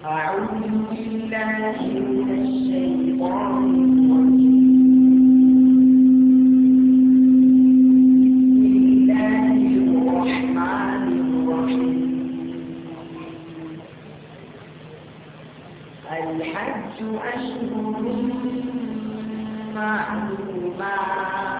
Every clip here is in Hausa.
أعوذ بالله من الشيطان الرجيم بسم الرحمن الرحيم الحج أشهر معلومات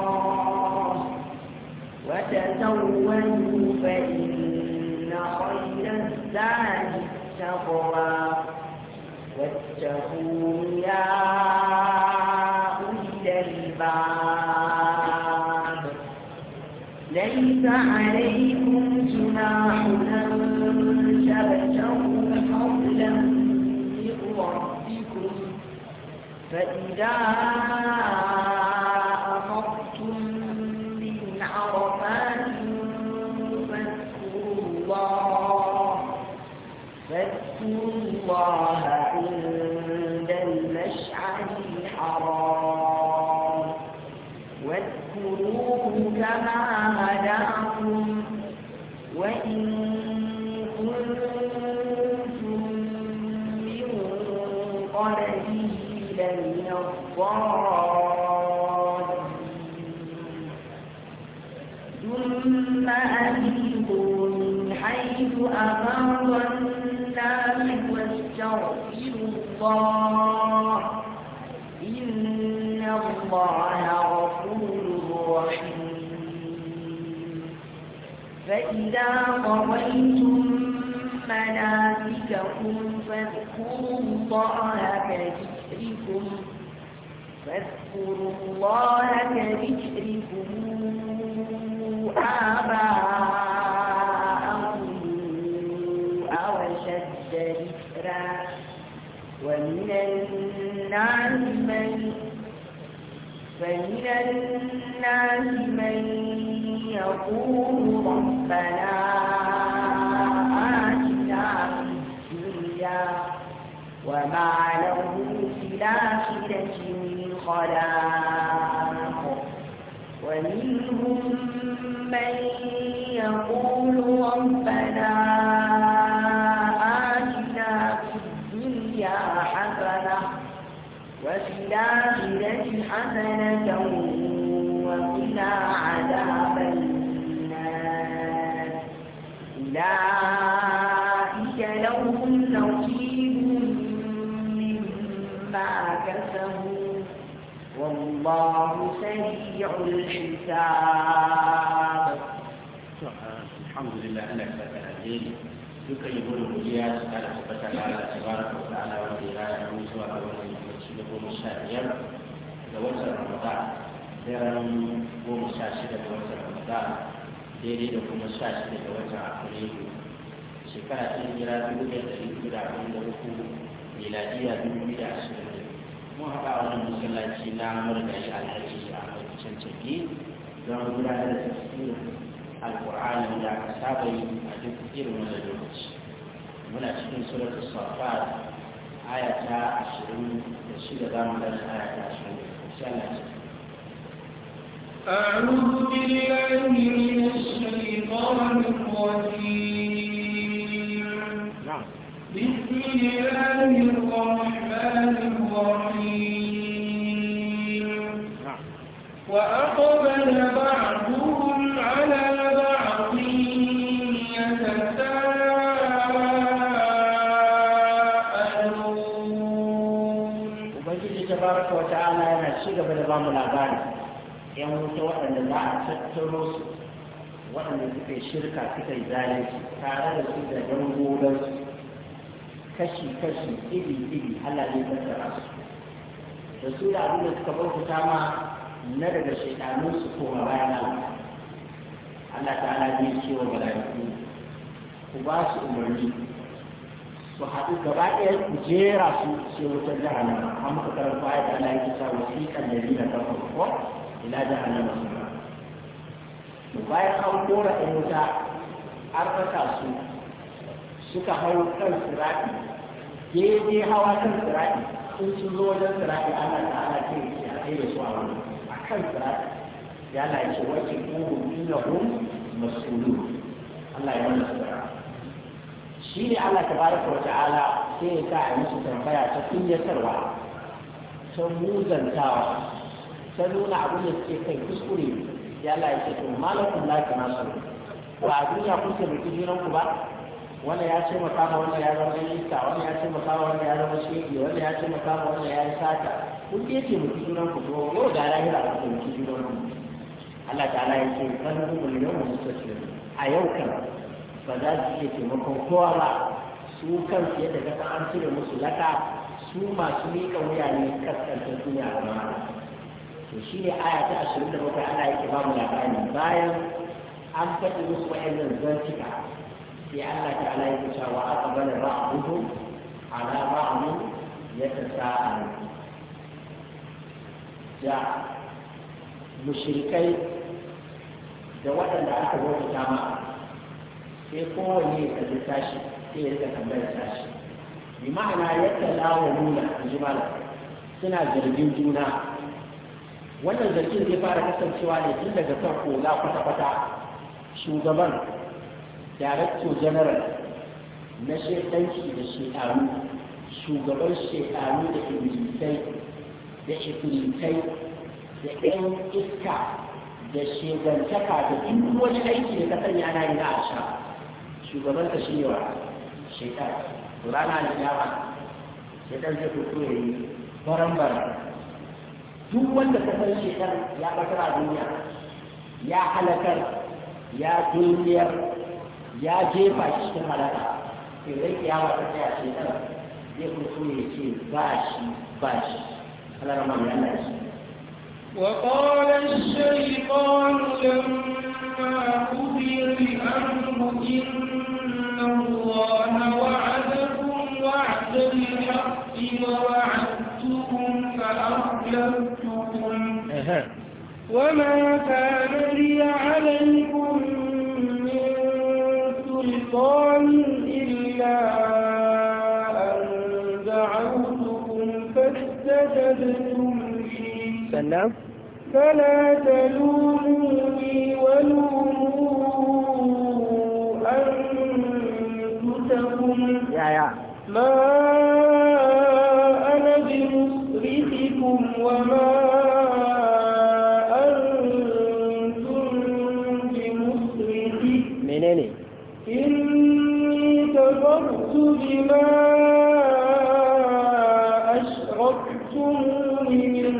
فتزودوا فإن خير الزاد التقوى واتقون يا أولي الألباب ليس عليكم جناح أن تبتغوا فضلا من ربكم فإذا قضيتم مناسككم فاذكروا الله كذكركم فاذكروا الله كذكركم آباءكم أو أشد ذكرا ومن الناس من فمن الناس تقول ربنا آتنا في الدنيا وما له في الآخرة من خلاق ومنهم من يقول ربنا آتنا في الدنيا حسنة وفي الآخرة حسنة أولئك لهم نصيب مما كسبوا والله سريع الحساب الحمد لله أنا كتأذين duka yi gudu godiya su kada su fata da Allah tabaraka wa ta'ala wanda ya raya mu zuwa ga wannan lokaci da goma sha biyar ga watan Ramadan daren goma sha shida ga watan Ramadan daidai da kuma sha shida da wata afrilu shekara ta jira dubu da ɗari biyu da arba'in da uku miladiya dubu biyu da ashirin da mun haɗa wani masallaci na murgashi alhaji a can cancanci don gudanar da tafsirin alƙur'ani da aka saba yi a duk irin wani lokaci muna cikin suratul safar aya ta ashirin da shida za mu gani aya ta ashirin da Allah ya أعوذ بالله من الشيطان الرجيم نعم. بسم الله الرحمن الرحيم نعم. وأقبل بعضهم على بعض يتساءلون Ubangiji ta baraka wata ana yana ci gaba yan wuta waɗanda za a tattaro su waɗanda suka yi shirka suka yi zalunci tare da su da dangogon su kashi-kashi iri-iri halaye da tsara su da su da abin da suka bauta ma na daga shaidanun su koma bayan Allah Allah ta ne ce wa mala'iku ku ba su umarni su haɗu gaba ɗaya ku jera su sai wutar nan, amma ka karanta ayat Allah ya ce wasiqan ladina ko ila jahannama to bayan an kora in wuta an saka su suka hau kan sirati daidai hawa kan sirati sun sun zo wajen sirati ana ta ana ce a kai da su a wani a kan sirati ya na ce wace kuhu ina hun masulu Allah ya wani sirati shi ne Allah ta bari wa ta'ala sai ya sa a su tambaya ta kunyatarwa ta muzantawa ta nuna abin da suke kai kuskure ya la yake to malakun la kana su ba a duniya kun ce mutum jiran ku ba wanda ya ce maka ma wanda ya zama lista wanda ya ce maka ma wanda ya zama shege wanda ya ce maka ma wanda ya yi sata kun ce ce mutum jiran ku ko yau da lahira ba ku mutum jiran ku Allah ta'ala ya ce kan mun yau mun tsaye a yau kan ba za su iya taimakon kowa ba su kan kansu yadda ka an cire musu laka su masu miƙa wuya ne kaskantar duniya a mara to shi ne aya ta ashirin da bakwai ana yake ba mu labari bayan an faɗi musu wa'annan zantuka sai Allah ta ala yake cewa aka bala ra'abuhu ala mu ya ta sa'a da mushrikai da waɗanda aka bauta ma sai kowanne ya kalli tashi sai ya rika tambayar tashi bi ma'ana yadda lawa nuna a jimala suna zargin juna wannan zargin zai fara kasancewa ne tun daga farko na kwata-kwata shugaban director general na shekanci da shekaru shugaban shekaru da ibilitai da ibilitai da 'yan iska da shegantaka da duk wani aiki da ka sanya yi na asha shugaban ka shi ne wa shekara rana da yawa shekan zai fito ya yi baran-baran duk wanda ka san shekar ya batar duniya ya halakar ya duniyar ya jefa cikin halaka sai zai kiyama ta shekar zai kusa ya ce ba shi ba shi halar mai yana shi وقال الشيطان لما قضي الأمر إن الله وعدكم وعد الحق ووعدتكم فأخلفتم وما كان لي عليكم من سلطان إلا أن دعوتكم فاستجبتم لي سلام فلا تلوموني ولوموا أنفسكم يا يا ما أنا بمصرخكم وما ما أشركتمون من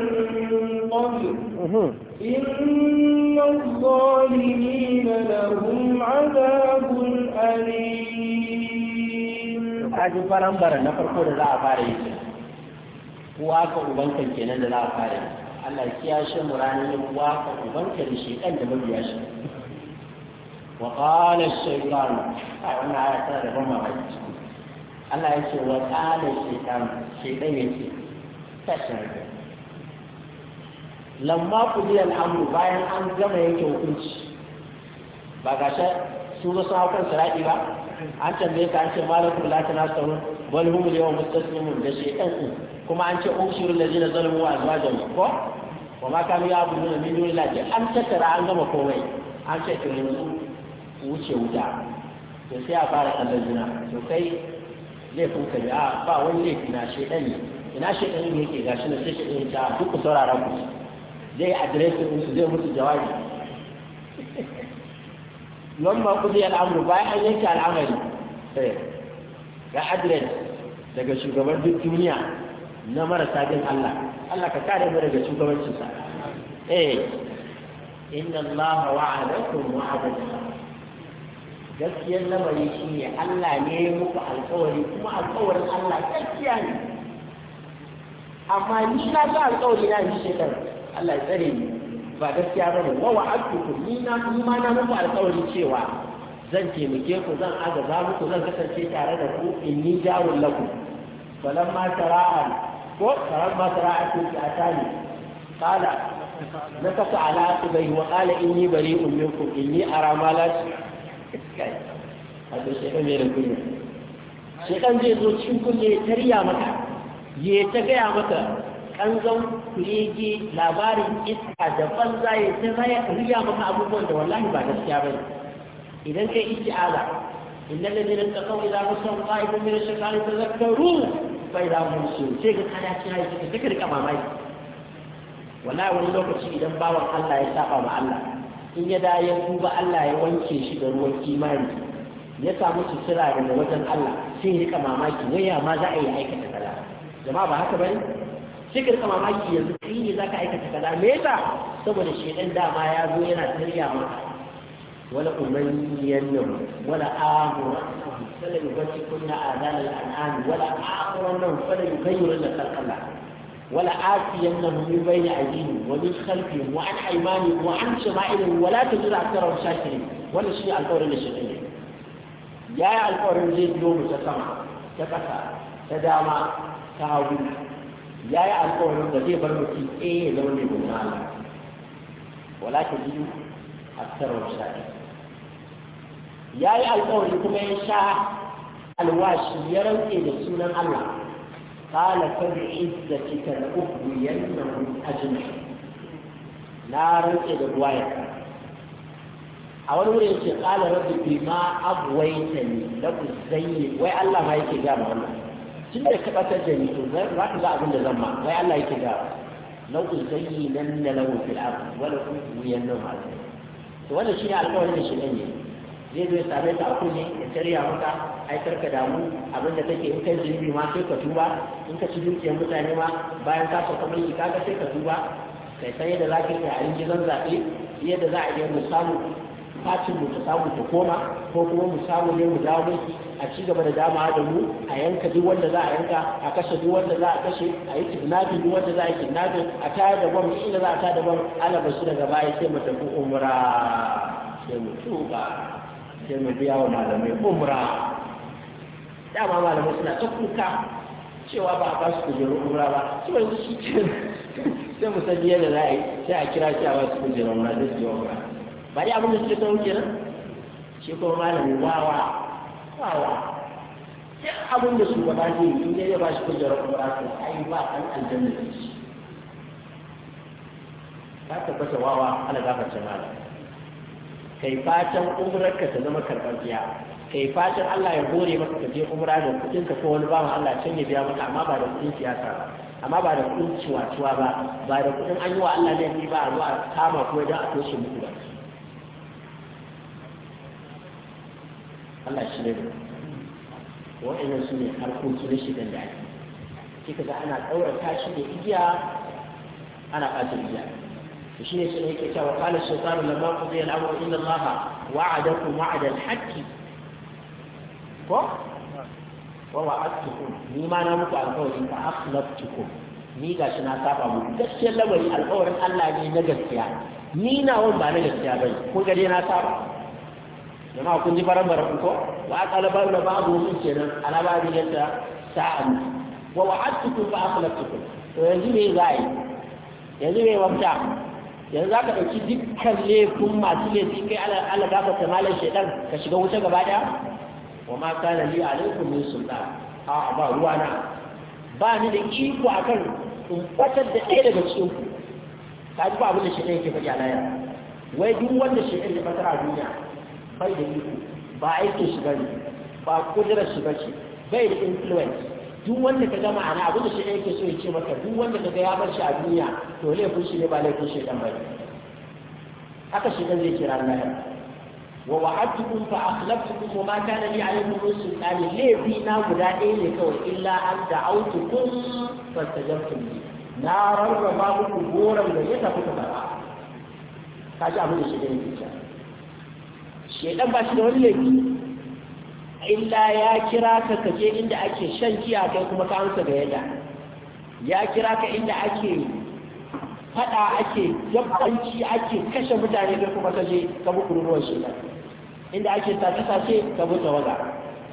قبل إن الظالمين لهم عذاب أليم أجل فرام برا نفر كل لا أفاري واقع وبنكا كنا لا أفاري Allah ya shi muranin waka ubanka da shekan da mabiya shi wa qala ash-shaytan a wannan ayata da ban mamaki Allah ya ce wa ƙala shi ɗan ya ce tashin lamma ku ji al'amuru bayan an gama yanke hukunci ba ga shi su ba su hakan siraɗi ba an tambaye ka an ce malakul la tanasarun wal hum al yawm mustaslimun da shi su, kuma an ce ushurul ladina zalamu wa azwajuhum ko wa ma kanu nuna min dunillahi an tattara an gama komai an ce to yanzu wuce wuta to sai a fara kallon juna to kai laifin ka a ba wani laifi na shaidan ne ina shaidan ne yake gashi na sai shaidan ta duk ku saurara ku zai adiresin ɗinsu zai mutu jawabi nan ma kudi al'amuru bayan an yanke al'amari eh, ga adres daga shugaban duk duniya na marasa bin Allah Allah ka kare mu daga shugabancinsa eh inna Allah wa'adakum wa'adakum gaskiyar lamari shi ne Allah ne ya muku alkawari kuma alkawarin Allah gaskiya ne amma ni na ga alkawari na shi shekar Allah ya tsare ni ba gaskiya ba ne wawa akuku ni na kuma na muku alkawari cewa zan taimake ku zan agaza muku zan kasance tare da ku in ni jawon lakum falan ma tara'a ko karan ma tara'a ku ki atani qala nakasa ala ubayhi wa qala bari bari'un minkum inni ara ma la hado shekan mai da kunya shekan zai zo cikin kunya ya tarya maka ya ta gaya maka ƙanzon kulege, labarin iska da banza ya ta raya riya maka abubuwan da wallahi ba gaskiya ba idan kai isti'aza idan da za kakau idan musamman ƙa'idun mai shekaru ta zakaru bai za mu su sai ga kada ci haiti ka duka rika mamaki wallahi wani lokaci idan bawan Allah ya saba ma Allah in ya da ya tuba Allah ya wanke shi da ruwan imani ya samu sutura daga wajen Allah sai rika mamaki waya ma za a yi aikata kaza jama'a ba haka bane sai rika mamaki yanzu kai ne zaka aikata kaza me yasa saboda shedan dama ya zo yana tarya maka wala umanniyannahum wala amurannahum fala yubtikunna adana al-an'am wala amurannahum fala yughayyirunna khalqa Allah ولا آتينهم من بين أيديهم ومن خلفهم وعن أيمانهم وعن شمائلهم ولا تجد أكثرهم شاكرين ولا شيء القول للشاكرين يا القول زي يوم تسمع تكسى تدامى تهاوي يا القول زي برمتي إيه لو نقول ولا تجد أكثرهم شاكرين يا القول كما يشاء alwashi ya rantse da sunan Allah قال فبعزتك لأغوينهم أجمعين na rantse da ruwayar a wani wurin ce kala rabbi bi ma abwaita ni la uzayyi wai Allah ma yake ga wannan tun da ka bata da ni to za ka ga abin da zan ma wai Allah yake ga la na to alƙawarin da shi ne zai zo ya same ta a ne ya tarya maka ai karka damu abin da kake in kai zunubi ma sai ka tuba in ka ci dukiyar mutane ma bayan ka sauka mulki ka sai ka tuba kai san yadda za ka yi a yin zaɓe yadda za a iya mu samu fatin mu ta samu ta koma ko kuma mu samu ne mu dawo mulki a ci gaba da dama da mu a yanka duk wanda za a yanka a kashe duk wanda za a kashe a yi kidnapping duk wanda za a yi kidnapping a tayar da gwam inda za a tayar da gwam ana basu daga baya sai mu tafi umra sai mu tuba sai mu biya wa malamai umra dama malamai suna ta kuka cewa ba a ba su kujerun umra ba su yanzu su ce sai mu san yadda za a yi sai a kira shi a ba su kujerun umra da su umra ba dai abin da suke tsawon kenan shi kuma malamin wawa wawa duk abin da shugaba ne in ya ba shi kujerar umra to ai ba a kan aljanna da shi ka tabbata wawa ala gafarta malam kai fatan ka ta zama biya kai fatan Allah ya gore maka ka je umra da kudin ka ko wani bawan Allah can ya biya maka amma ba da kudin siyasa ba amma ba da kudin ciwatuwa ba ba da kudin an yi wa Allah ne ba a zuwa kama ko idan a toshe muku ba Allah shi ne wa'annan su ne harkokin rashin da ake kika ga ana ɗaura tashi da igiya ana ɓata igiya shi ne sun yake cewa kala shaitanu lamma ku al-amru inna allaha wa'adakum wa'ada ma'ada haqqi ko wa wa'adtukum ni ma na muku alƙawari fa akhlaftukum ni gashi na saba mu. gaskiyar lamari alƙawarin Allah ne na gaskiya ni na wani ba na gaskiya bane ko gare na saba jama'a kun ji baran baran ko wa aqala ba'da ba'du min kenan ala ba'di yadda sa'an wa wa'adtukum fa akhlaftukum to yanzu me za a yi yanzu me wafta yanzu za ka ɗauki dukkan laifin masu laifi kai ala gafa ta malar shaidan ka shiga wuta gaba ɗaya wa ma kana li alaikum min sulta a ba ruwa na ba ni da iko akan in kwatar da ɗaya daga cikin ku ka ji ba abin da shaidan yake faɗi a layar? wai duk wanda shaidan ya fatar a duniya bai da iko ba aikin shiga ne, ba kudurar shiga ce, bai da influence duk wanda ka gama ana abin da shi yake so ya ce maka duk wanda ka ga ya bar shi a duniya to laifin shi ne ba laifin shi dan bai haka shi dan zai kira Allah wa wa'adtukum fa akhlaftukum wa ma kana li alaykum min sultani laifi na guda ɗaya ne kawai illa an da'awtukum fastajabtum li na rarraba muku goran da ya tafi ka fara kaji abin da shi ne ke cewa shedan ba shi da wani laifi illa ya kira ka kaje inda ake shan giya kai kuma ka amsa ga yadda ya kira ka inda ake fada ake yabbanci ake kashe mutane kai kuma kaje ka bi kururuwan shi inda ake sace sace ka bi tawaga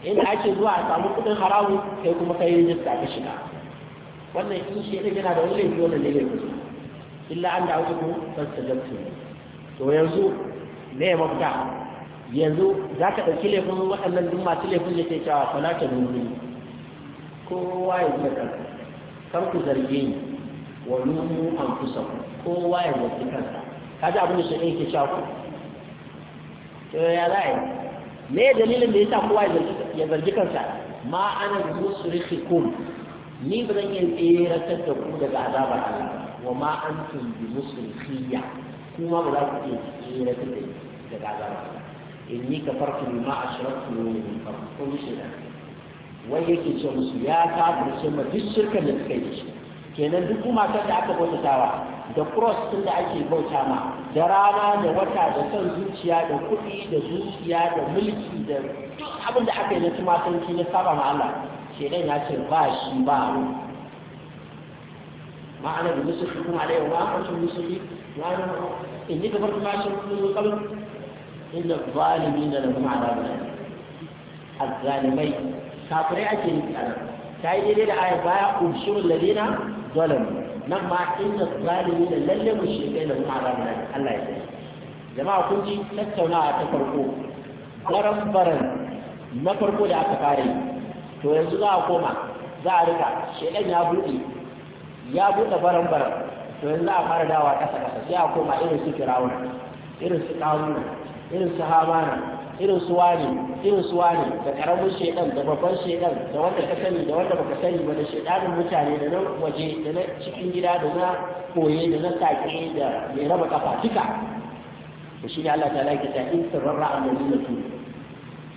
inda ake zuwa a samu kudin haramu kai kuma kai rijista ka shiga wannan in shi yana da wani laifi wannan ne laifi illa an da auku fastajabtu to yanzu ne mafita yanzu za ka ɗauki laifin waɗannan duk masu laifin da ke cewa fala ta nuni kowa ya zuwa kansa kar ku zarge ni wa nuni an kusa kowa ya zuwa kansa ka ji abin da shi ɗin ke cewa ku to ya za a yi me dalilin da ya sa kowa ya zargi kansa ma ana musrikikum ni ba zan iya tseratar da ku daga azabar Allah wa ma an tun bi musrikiyya kuma ba za ku iya tseratar da daga azabar Allah inni kafartu bima ashraktu min qabl ko shirka wai yake ce musu ya kafirce ma duk shirkan da suka yi kenan duk gumakan da aka bautatawa da cross din da ake bauta ma da rana da wata da son zuciya da kuɗi da zuciya da mulki da duk abin da aka yi na tumatanci na saba ma Allah kenan ya ce ba shi ba ma'ana da musulmi kuma alaihi wa musulmi In yi kafartu ma ashraktu min qabl inda zalimi da lafi ma'adabu a zalimai kafirai ake nufi a nan ta yi daidai da aya baya ubshirul ladina zalim nan ma inda zalimi da lalle mushrikai da ma'adabu Allah ya sani jama'a kun ji tattaunawa ta farko baran baran na farko da aka fara yi to yanzu za a koma za a rika shedan ya buɗe ya buɗe baran baran to yanzu za a fara dawa ƙasa ƙasa sai a koma irin su firawun irin su ƙaruna irin su hamana irin su wani irin su wani da karamin shedan da babban shedan da wanda ka sani da wanda baka sani ba da shedanin mutane da nan waje da na cikin gida da na koye da na sake da mai raba kafa duka to shi ne Allah ta'ala ke ta in sirrarra annabi da su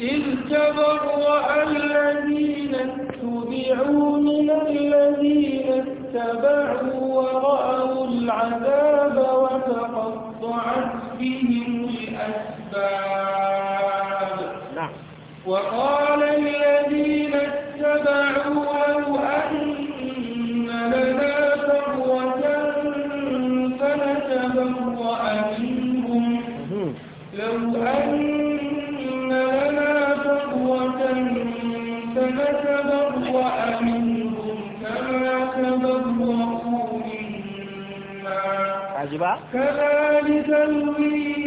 إذ تبرأ الذين اتبعوا من الذين اتبعوا ورأوا العذاب وتقطعت بهم الأسباب الباب نعم وقال الذين اتبعوا لو أن لنا ثروة فنتبرأ منهم لو أن لنا ثروة فنتبرأ منهم كما تبرأوا منا كذلك نريد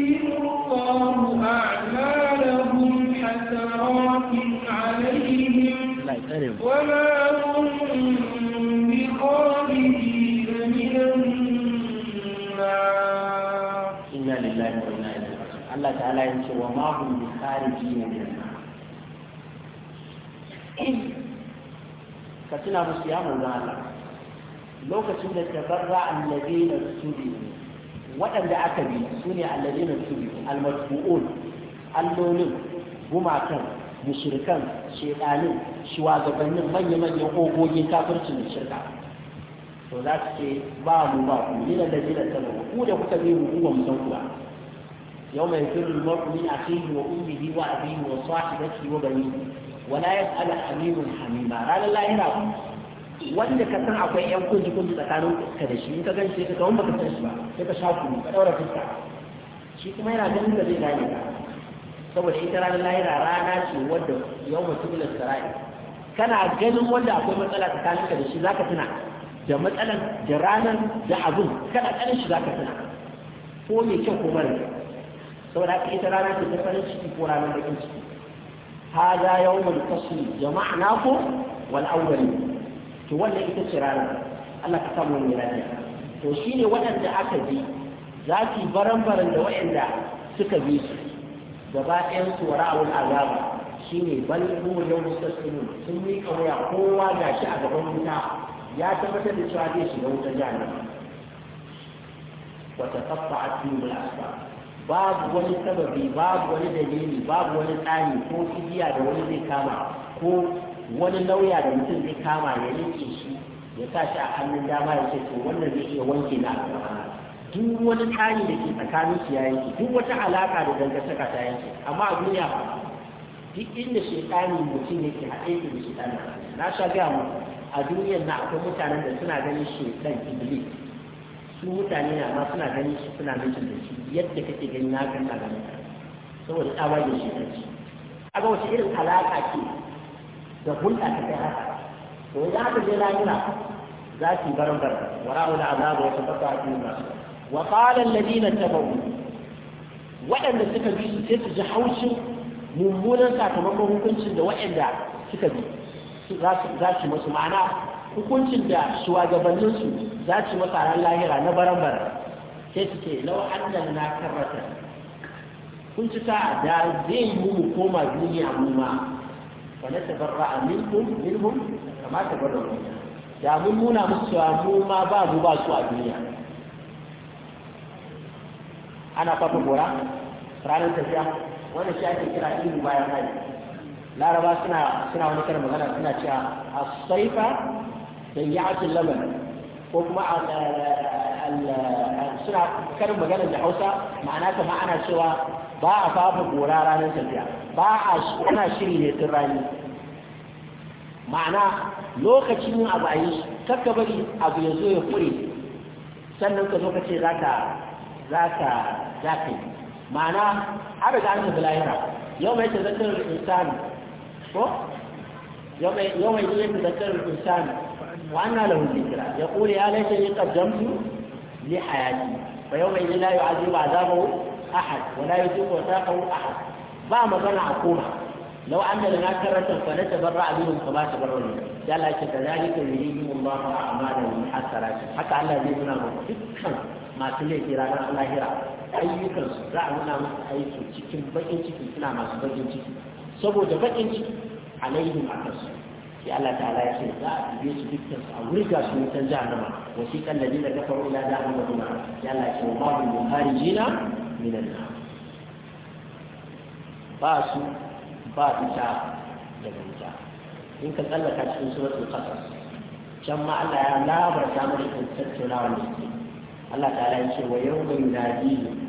Ka tuna musu ya mu lokacin da ta barra annabi da su waɗanda aka bi su ne allazina tubi almatbu'un allolin gumakan mushrikan shedanin shuwagabannin manya-manyan ogogin kafin mai shirka to za su ce ba mu ba ku ni da dalila ta mu ku da kuka bi mu ba mu san yau mai firin mar'u min akhihi wa ummihi wa abihi wa sahibatihi wa banihi wa yas'al hamimun hamima ranar lahira wanda ka san akwai yan kunji kunji tsakanin ka da shi in ka gan shi ka kawo ka san shi ba sai ka sha kunu ka daura fuska shi kuma yana ganin da zai gane ka saboda ita ranar lahira rana ce wadda yau mutum da sarai kana ganin wanda akwai matsala tsakanin ka da shi zaka tuna da matsalan da ranar da abun kana ganin shi zaka tuna ko mai kyau ko mara saboda haka ita rana ce ta farin ciki ko ranar bakin ciki هذا يوم الفصل جمعناكم والأولين to wannan ita ce ranar Allah ka wani lafiya to shine waɗanda aka bi zafi su baran da waɗanda suka bi su gaba ɗayan su wara'ul azaba shi ne balbu yau mustaqimin sun mika waya kowa ga shi a gaban wuta ya tabbatar da cewa zai shiga wutar jahannam wa taqatta'at bihim al-asbab babu wani sababi babu wani dalili babu wani tsari ko igiya da wani zai kama ko wani lauya da mutum zai kama ya rike shi ya sa shi a hannun dama ya ce to wannan zai iya wanke na a duk wani tsari da ke tsakanin su ya yanke duk wata alaka da dangantaka ta yanke amma a duniya ba duk inda shekani mutum yake haɗe yake da shekani na sha gaya mu a duniyar na akwai mutanen da suna ganin shekan iblis su mutane na ma suna ganin shi suna mijin da shi yadda kake gani na kan tsaganin saboda tsawon da shekan shi a ga wasu irin alaka ke da hulɗa ta kai haka to idan aka je lahira za su barin barin wara'u da azabu wa tabbata a cikin nasu wa qala alladhina tabawu waɗanda suka bi su sai su ji haushin mummunan sakamakon hukuncin da waɗanda suka bi za su masu ma'ana hukuncin da shugabanninsu za su masa ran lahira na baran baran sai su ce lau annal na karrata kun ci ta da zai yi mu koma duniya mu ma فنتبرأ منكم منهم كما تبرأوا منا da mun nuna musu cewa ma ba mu ba a duniya ana fafa gora ranar tafiya wanda shi kira ilu bayan laraba suna wani karin magana suna cewa a saifa da ya'atul laban ko kuma suna karin magana da hausa ma'ana kama ana cewa ba a fafa gora ranar tafiya ba a ana shiri ne tun rani ma'ana lokacin yin abu a yi kakka bari abu ya zo ya kure, sannan ka zo ka ce za ka za ka za ka yi ma'ana an riga an tafi lahira yau mai tazakar insani ko yau mai yi tazakar insani وأنا له الذكرى يقول يا ليتني قدمت لحياتي ويومئذ لا يعذب عذابه أحد ولا يذوق وثاقه أحد ba magana a koma lau an da na karanta fa na tabarra abin kuma tabarra ne ya lace da zalika yurihim Allah a'malan min hasarat haka Allah zai nuna muku dukkan masu laifi ranar lahira ayyukan su za a nuna musu aiki cikin bakin ciki suna masu bakin ciki saboda bakin ciki alaihim akan su sai Allah ta'ala ya ce za a dube su dukkan su a wurga su wutan jahannama wasiqan ladina na dafa jahannama ya Allah ya ce wa ma hum min kharijina min an ba su ba fita daga wuta in ka tsallaka cikin suratul qasas can ma Allah ya labarta mana irin tattaunawa ne Allah ta'ala ya ce wa yawma yunadihim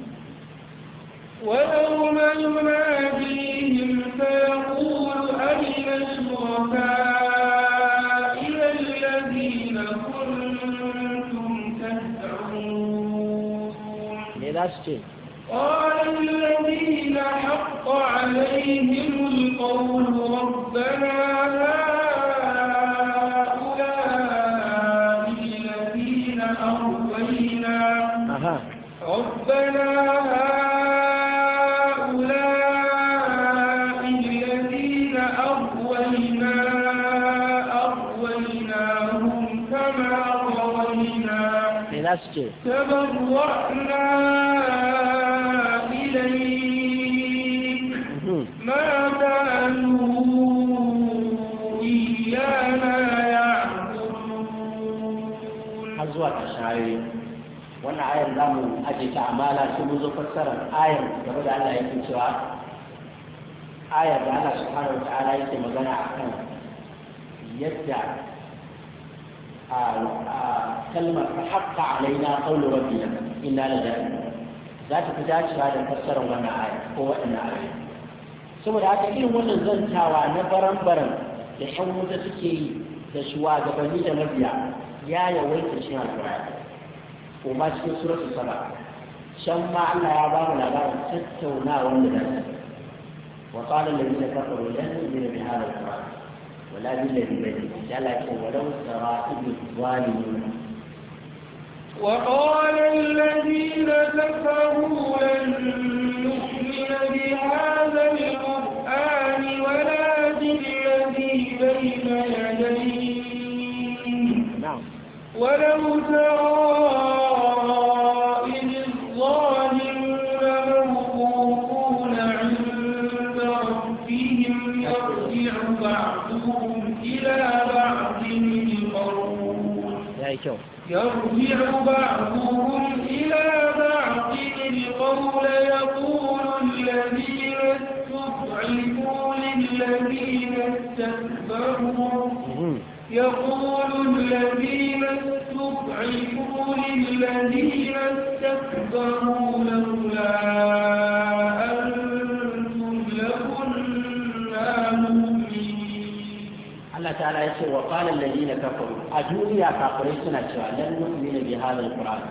ويوم يناديهم فيقول أين شركائي الذين كنتم تدعون قال الذين حق عليهم القول ربنا هؤلاء الذين أرضينا ربنا هؤلاء الذين أرضينا أرضيناهم كما روينا تبرأنا إليك ما كانوا إيانا يعبدون أزواج أشعري وانا آية لامو أجيك أعمالا سموزو فسرا آية يقول الله يكتشوا آية الله سبحانه وتعالى يكتب مغانا عقام يدعي آه آه كلمة حق علينا قول ربنا إنا لذلك za ta fi dacewa da fassara wannan aya ko waɗannan aya saboda haka irin wannan zantawa na baran-baran da ƴan wuta suke yi da shugabanni da mabiya ya yawaita cikin alƙur'ani ko ma cikin suratul saba Shan ma Allah ya ba mu labarin tattaunawar da nan wa qala alladhina kafaru lan yu'minu bi hadha al-qur'an wala bil ladhi bayna yadayhi wala kin walau sara'a bil zalimin وقال الذين كفروا لن بهذا القرآن ولا بين يديه نعم. ولو ترى يرجع بعضهم إلى بعض القول يقول الذين استضعفوا للذين استكبروا يقول الذين استضعفوا للذين استكبروا ta'ala ya ce wa qala alladhina kafaru a duniya kafirai suna cewa lan nu'minu bi hadha alquran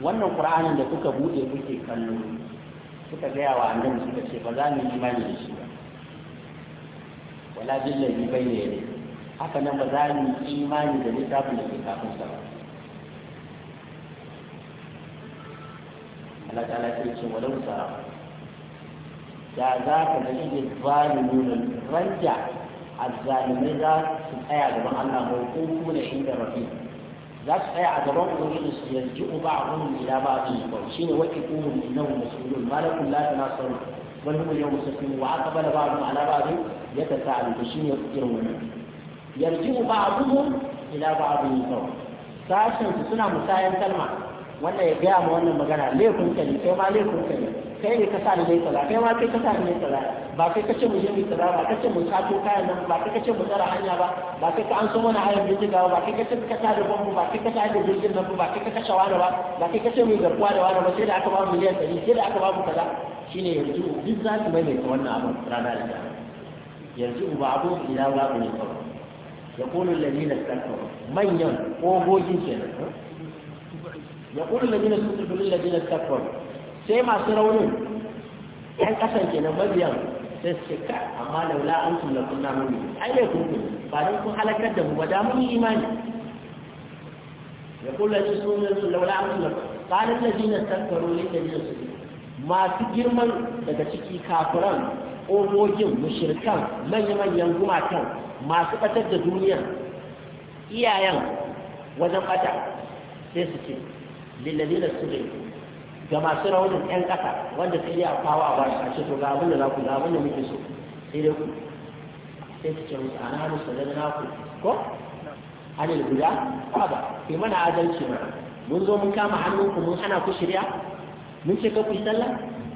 wannan qur'anin da kuka bude kuke kallo suka gaya wa annabi suka ce ba za mu yi imani da shi ba wala billahi bayna yadayhi haka nan ba za mu yi imani da littafin da ke kafin sa ba Allah ta'ala ya ce walau sara da za ka ga irin zalimin ranja azzalimai za su tsaya gaban Allah mai kuma da inda rafi za su tsaya a gaban ubangiji su yanzu uba a gurin ila ba a cikin kawai shine wake kumun innahu masulun malakun la tanasaru bal hum yawm sakin wa aqbala ba'dhum ala ba'd yatasaalu shine irin wannan yarji'u ba'dhum ila kawai sashen su suna musayan kalma wannan ya gaya ma wannan magana laifin ka kai ma laifin ka kai ne ka sa ni mai kai ma kai ka sa ni ba kai ka ce mu je mu kaza ba kace ce mu sato kayan nan ba kai ka ce mu tsara hanya ba ba kai ka an so mana hayan jigawa ba kai ka ce ka sa da bombu ba kai ka sa da jirgin nan ba kai ka kashe wani ba ba kai ka ce mu garkuwa da wani ba sai da aka ba mu miliyan ɗari sai da aka ba mu kaza shine yanzu duk za su maimaita wannan abin ranar da yanzu ba abu ila ku ne kawai ya kulu lalina stakfaru manyan ƙogogin kenan ya kulu lalina stakfaru lalina stakfaru sai masu raunin yan kasan ke nan mabiyan sai su ka amma laula an tun lafi na mummi ai ne kuma ba don kun halakar da mu ba da mun yi imani ya kula ji sunan su laula an tun lafi kanin na jina tankaro ne da jina su masu girman daga ciki kafiran ogogin mushirkan manya-manyan gumakan masu ɓatar da duniya iyayen wajen ɓata, sai su ce lillazina su ga masu raunin 'yan ƙasa wanda sai ya kawo a bashi a ce to ga abin da za ku ga abin da muke so sai dai ku sai su ce musu ana hannu sanar da naku ko hannun guda ba ba ke mana adalci ba. mun zo mun kama hannunku mun hana ku shirya mun ce ku yi sallah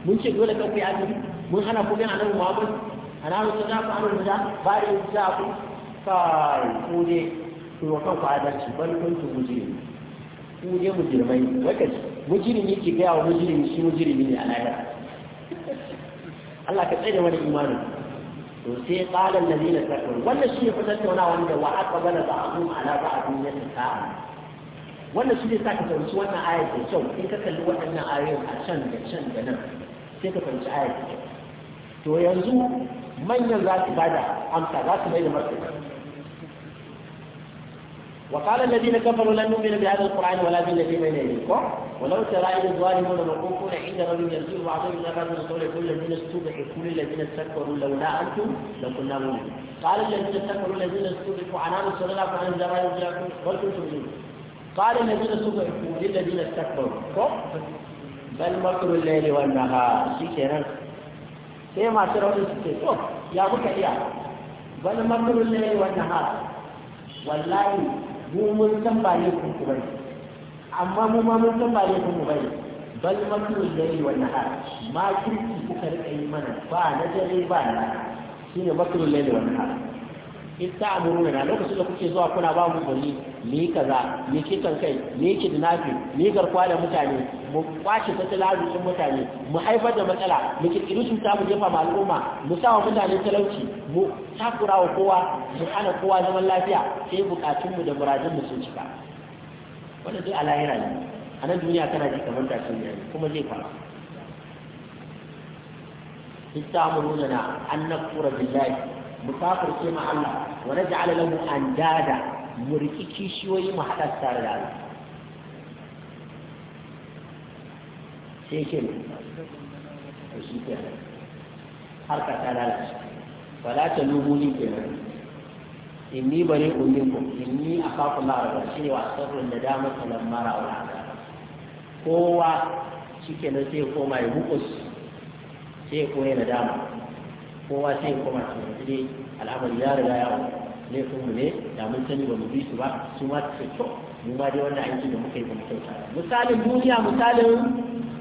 mun ce dole ku yi azumi mun hana ku bin annabi muhammad ana hannu sanar ku hannun guda ba da yanzu za ku kai ku ne ku yi wa kanku adalci bal kun ku guje ku je mu girmai wakanci mujirimi ke gaya wa mujirimi shi mujirimi ne a lahira Allah ka tsare wani imanin to sai na allazina kafaru wannan shi ne tattauna wanda wa aqbala ba'dhum ala ba'dhin yatasa'a wannan shi ne sa ka fahimci wannan ayar da kyau in ka kalli waɗannan ayoyin a can da can da nan sai ka fahimci ayar da kyau to yanzu manyan za su bada amsa za su mai da martani وقال الذين كفروا لن نؤمن بهذا القرآن ولا بالذي بين يديكم ولو ترى إذ الظالمون موقوفون عند ربهم يرجو بعضهم إلى بعض الرسول يقول الذين استضعفوا للذين استكبروا لولا أنتم لكنا مؤمنين قال الذين استكبروا الذين استضعفوا عن عام صلى الله عليه وسلم قال الذين استضعفوا للذين استكبروا بل مكر الليل والنهار شكرا sai masu raunin su يا to ya muka iya bal makrul mu mun san ba ne kun bane amma mu ma mun san ba ne kun bane bal makru layli wa nahar ma kirki kuka rika yi mana ba na dare ba na shine makru layli wa nahar ta amuru na lokacin da kuke zuwa kuna ba mu gari ni kaza ni kan kai ni kidnapping ni garkuwa da mutane mu kwace tattalin arzikin mutane mu haifar da matsala mu kirkiri cuta mu jefa ma al'umma mu sa wa mutane talauci mu takura wa kowa mu hana kowa zaman lafiya sai bukatun mu da muradun mu sun cika wannan duk yana ne a nan duniya kana ji kamar ta sun yi kuma zai fara ista amuru na an nakura billahi mu kafirce ma Allah wa naj'al lahu andada mu riki kishiyoyi mu hada tare da Allah sai ke ne shi ke har ka ta lalace wala ta ni ke nan inni bari umminkum inni akhafu Allah rabbi shi wa asrru nadama mara wa kowa shi ke nan sai koma ya hukus sai na dama. kowa sai ya koma cikin wasu al'amari ya riga ya laifin mu ne da mun sani ba mu bi su ba su ma su ce mu ma dai wannan aiki da muka yi ba mu kyauta misalin duniya misalin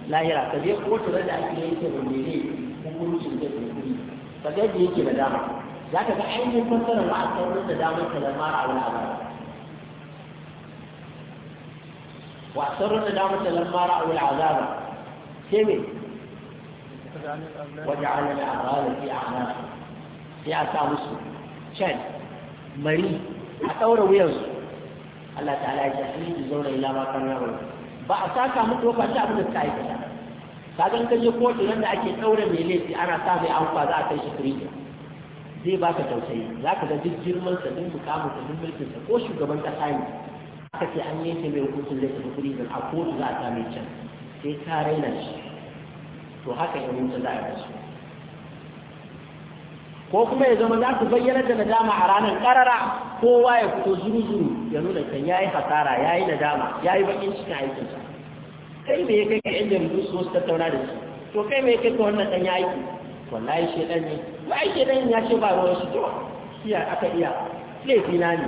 lahira ka je kotu da ake yi ta bambere hukuncin da bambere ka ga yadda yake da dama za ka ga ainihin fassarar ba a sauran da damar ta zama a wani abu وأسروا الندامة لما رأوا العذاب سمي وجعل الأغلال في أعناقهم sai a sa musu can mari a ɗaura wuyansu Allah ta halaye ta yi zaune ila ma kan yawon ba a saka muku ba shi abin da ta aikata ka gan kaje kotu nan da ake ɗaura mai laifi ana sa mai amfa za a kai shi firiji zai baka tausayi za ka ga duk girman sa duk mukamin sa duk mulkin sa ko shugaban kasa ne aka ce an yi yanke mai hukuncin laifin firiji a kotu za a sami can sai ka raina shi to haka in wuta za a yi rasu ko kuma ya zama za ku bayyana da nadama a ranar karara kowa ya fito zuru-zuru ya nuna kan ya yi hasara ya yi nadama ya yi bakin cikin aikinsa kai me ya kai ka yan jaridu su wasu tattauna da su to kai me ya kai ka wannan ɗan ya aiki wallahi ɗan ne ba ai shedan ya ce ba ruwan shi to ya aka iya laifi na ne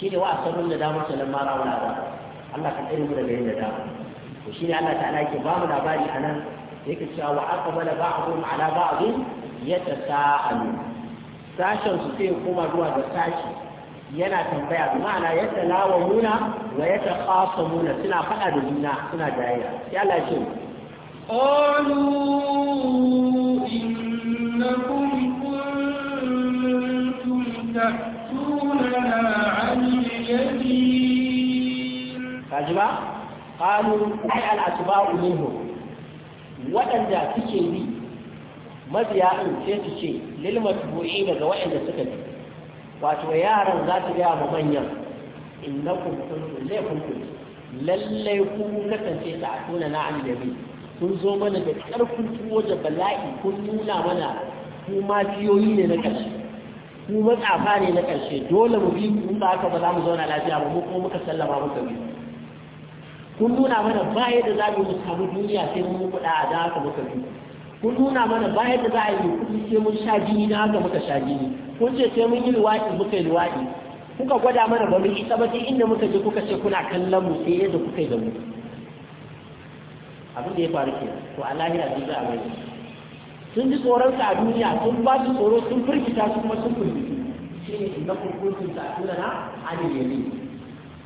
shi ne wa a sabon da damar sanan mara wani ba Allah ka tsare mu daga yin da dama to shi ne Allah Ta ta'ala yake ba mu labari a nan yake cewa wa aqbala ba'dhum ala ba'dhin yatasaalu sashen su sai kuma zuwa da sashi yana tambaya bi ma'ana yatalawamuna wa yataqasamuna suna fada da juna suna jayayya sai Allah ya ce qalu innakum kuntum ta'tunana 'an al-yamin kaji ba qalu ay al-asba'u minhum waɗanda suke bi mabiya in ce su ce lil matbu'i daga waɗanda suka bi wato yaran za su gaya ma manyan innakum kuntum laifin kuntum lallai ku na kance ta tuna na bi, kun zo mana da karfin tuwo da bala'i kun nuna mana ku ma fiyoyi ne na ƙarshe ku matsafa ne na ƙarshe dole mu bi ku ba haka ba za mu zauna lafiya ba mu kuma muka sallama muka biyu kun nuna mana ba yadda za mu samu duniya sai mun kuɗa da ka muka fi? kun nuna mana ba yadda za a yi kuɗi sai mun sha jini na haka muka sha jini kun ce sai mun yi luwaɗi muka yi luwaɗi kuka gwada mana ba mu yi ba sai inda muka je kuka ce kuna kallon mu sai yadda kuka yi da mu abin da ya faru ke to a lahira zai a bai sun ji tsoronsa a duniya sun ba su tsoro sun firgita su kuma sun firgita shi ne inda kun kuntum ta'tuna na anil ne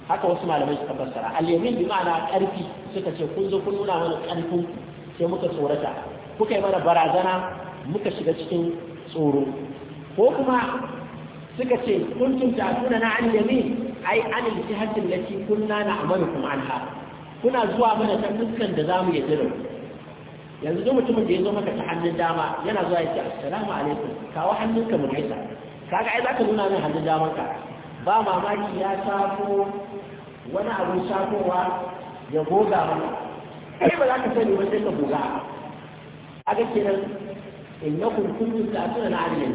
haka wasu malamai suka fassara al-yamin bi ma'ana karfi suka ce kun zo kun nuna mana karfin sai muka tsorata kuka yi mana barazana muka shiga cikin tsoro ko kuma suka ce kuntum ta'tuna na al-yamin ai an al-jihati kunna na'malukum anha kuna zuwa mana ta dukkan da zamu yi jira yanzu duk mutumin da ya zo maka ta hannun dama yana zuwa ya ce assalamu alaikum kawo hannunka mu gaisa kaga ai zaka nuna min hannun damanka ba mamaki ya tafo. wani abin shafowa ya goga mana kai ba za ka sani ba sai ka goga a ga kenan innakum a ta'tuna na aliyan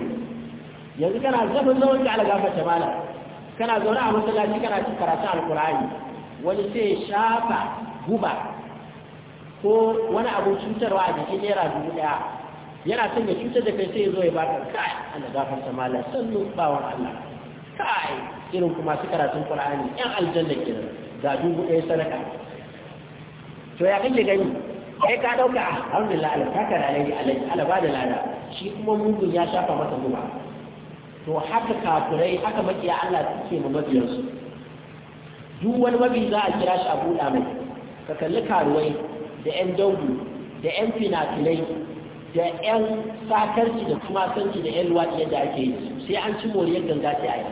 yanzu kana zafin zaman da alaga shabala kana zaune a masallaci kana ci karatu alkurani wani sai shafa guba ko wani abu cutarwa a jikin naira dubu daya yana son ya cutar da kai sai ya zo ya baka kai ana gafarta mala sannu bawan Allah kai irin kuma su karatun Qur'ani yan aljanna kenan ga dubu ɗaya sadaka to ya kake gani kai ka dauka alhamdulillah Allah ka kara alai alai Allah ba da lada shi kuma mugun ya shafa masa guba to haka kafirai haka makiya Allah suke ma su. duk wani mabi za a kira shi a buɗa mai ka kalli karuwai da 'yan dangu da 'yan finafinai da 'yan sakarci da kuma sanci da 'yan luwaɗi yadda ake yi sai an ci moriyar ganga sai a yi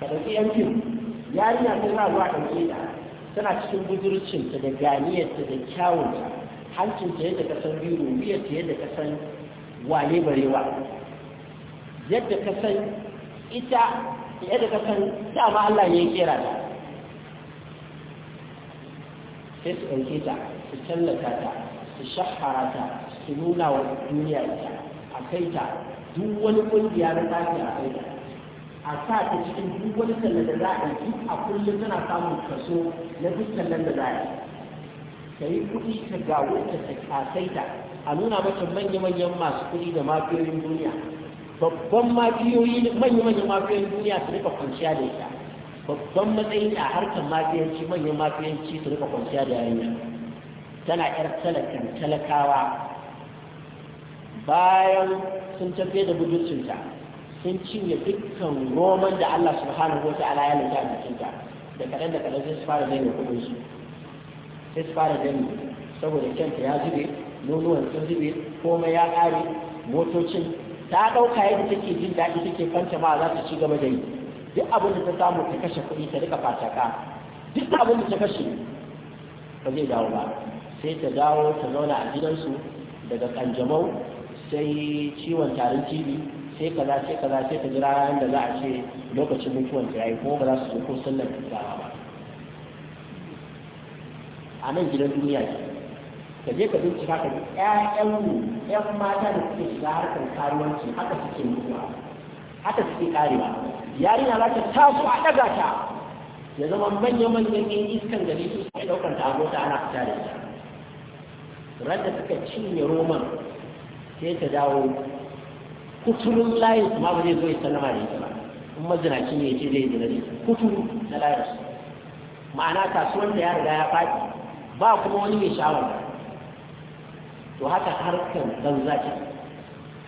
ka ɗauki yan fim yarinya ta za zuwa ɗauke da tana cikin budurcinta da ganiyarta da kyawunta hancinta yadda ka san biyu wuyarta yadda ka san wale barewa yadda ka san ita yadda ka san dama Allah ya ya kera ta sai su ɗauke ta su tallata ta su shahara ta su nuna wa duniya ita a kai ta duk wani ƙungiya na tafiya a kai ta a sa ta cikin duk wani tallan da za a ɗauki a kullum tana samun kaso na duk tallan da za a yi ka yi kuɗi ka gawo ta a nuna mata manya-manyan masu kuɗi da mafiyoyin duniya babban mafiyoyi manya-manyan mafiyoyin duniya su rika kwanciya da ita babban matsayi a harkar mafiyanci manyan mafiyanci su rika kwanciya da yarinya tana yar talakan talakawa bayan sun tafiye da budurcinta sun cinye dukkan noman da Allah subhanahu wa ta'ala ya lanta a cinta da kaɗan da kaɗan sai su fara daina kuɗin su sai su fara daina saboda kyanta ya zube nonuwan sun zube komai ya ƙare motocin ta ɗauka yadda take jin daɗi take kwanta ma za ta ci gaba da yi duk abin da ta samu ta kashe kuɗi ta rika fataka duk abin da ta kashe ba zai dawo ba sai ta dawo ta zauna a gidansu daga kanjamau sai ciwon tarin tv sai kaza sai kaza sai ta jira ranar da za a ce lokacin mutuwan ta yayi kuma ba za su zo ko sallar gawa ba a nan gidan duniya ne ka je ka bincika ka ga mu ƴan mata da suke shiga harkar karuwanci haka suke mutuwa haka suke karewa yarinya za ta taso a ɗaga ta ya zama manya-manyan ƴan iskan gari su suke ɗaukar ta a ana fita da ita ran da suka cinye roman sai ta dawo kuturun layin ma ba zai zo ya sallama da ita ba in mazinaci ne ce zai zina kuturu na layin ma'ana kasuwan da ya riga ya faɗi ba kuma wani mai shawar to haka harkar banza zaki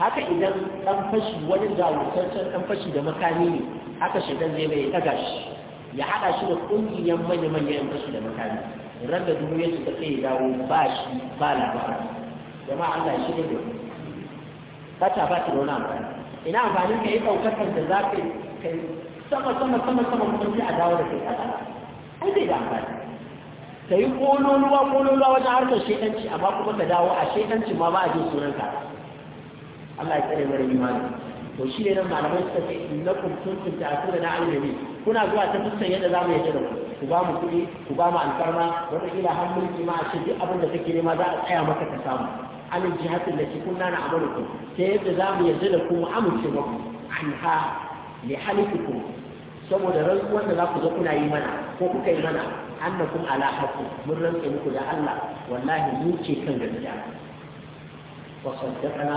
haka idan ɗan fashi wani jawurtaccen ɗan fashi da makami ne haka shaidan zai mai ɗaga shi ya haɗa shi da ƙungiyar manya-manya ɗan fashi da makami ran da duniya su ta tsaye dawo ba shi ba labarin jama'a Allah shi ne da ba ta ba ta da wani amfani ina amfanin ka yi ɗaukakar da za ka yi sama sama sama sama kuma a dawo da kai ƙasa ai zai da amfani ka yi kololuwa kololuwa wajen harkar shaidanci amma kuma ka dawo a shaidanci ma ba a jin sunanka Allah ya tsare mara imani to shi ne nan malamai suka ce innakum ta ta'tuna na alimi kuna zuwa ta fuskan yadda za mu yi jira ku ba mu kuɗi ku ba mu alfarma wata ila har mulki ma a ce duk abin da kake nema za a tsaya maka ka samu alin jihatin da cikin nana a ku. ta yadda za mu yarda da kuma amince maku an ha li halifiku saboda rantsuwar da za ku zo kuna yi mana ko kuka yi mana annakum ala haqqi mun rantsa muku da Allah wallahi mu ce kan gaskiya wa saddaqana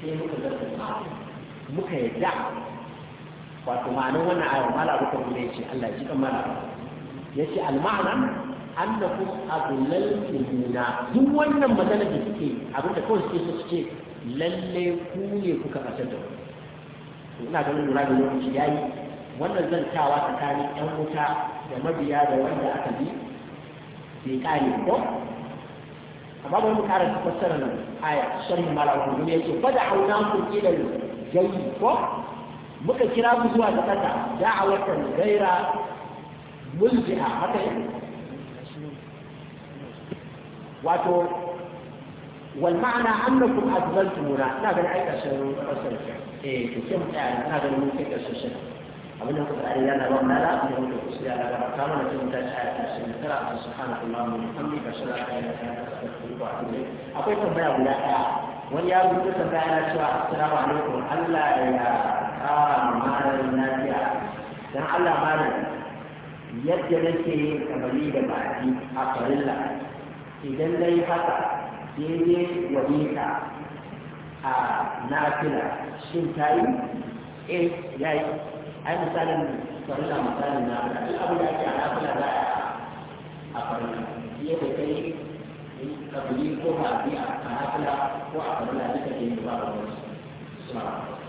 sai muka gaskata muka yadda wato ma'anar wannan ayar mala abu kuma ya ce Allah ya ji kan mala ya ce al-ma'ana annakum adlaltum na duk wannan magana da suke abinda kawai suke su ce lalle ku ne kuka fatar da wani ina ganin lura da lokaci yayi wannan zantawa tsakanin yan wuta da mabiya da wanda aka bi bai kare ko amma bari mu kara fassara nan aya sharhi malamu ne yake fada auna ku ila jayi ko muka kira ku zuwa ga kasa da'awatan gaira mulji'a haka wato wal ma'ana annakum adlaltumuna ina ganin ai karshen karshen eh to sai mu tsaya ina ganin mun kai karshen shi abin da kuka tsari yana ba mana da mun da kusa ya daga ta mana cikin ta tsaya ta shi ne tara subhanallahi wa bihamdihi ashhadu an la ilaha illa anta astaghfiruka wa atubu ilayk akwai tambaya guda daya wani ya rubuta tambaya yana cewa assalamu alaikum Allah ya kara malam lafiya dan Allah malam yadda nake yin kamari da baki a farilla idan na yi haka daidai walita a nafila shin ta yi E eh, ya yi ai misalin farilla misalin nafila duk abin da ake a nafila za a farilla iya da kai kabili ko ba a nafila ko a farilla duka ke yi ba a wani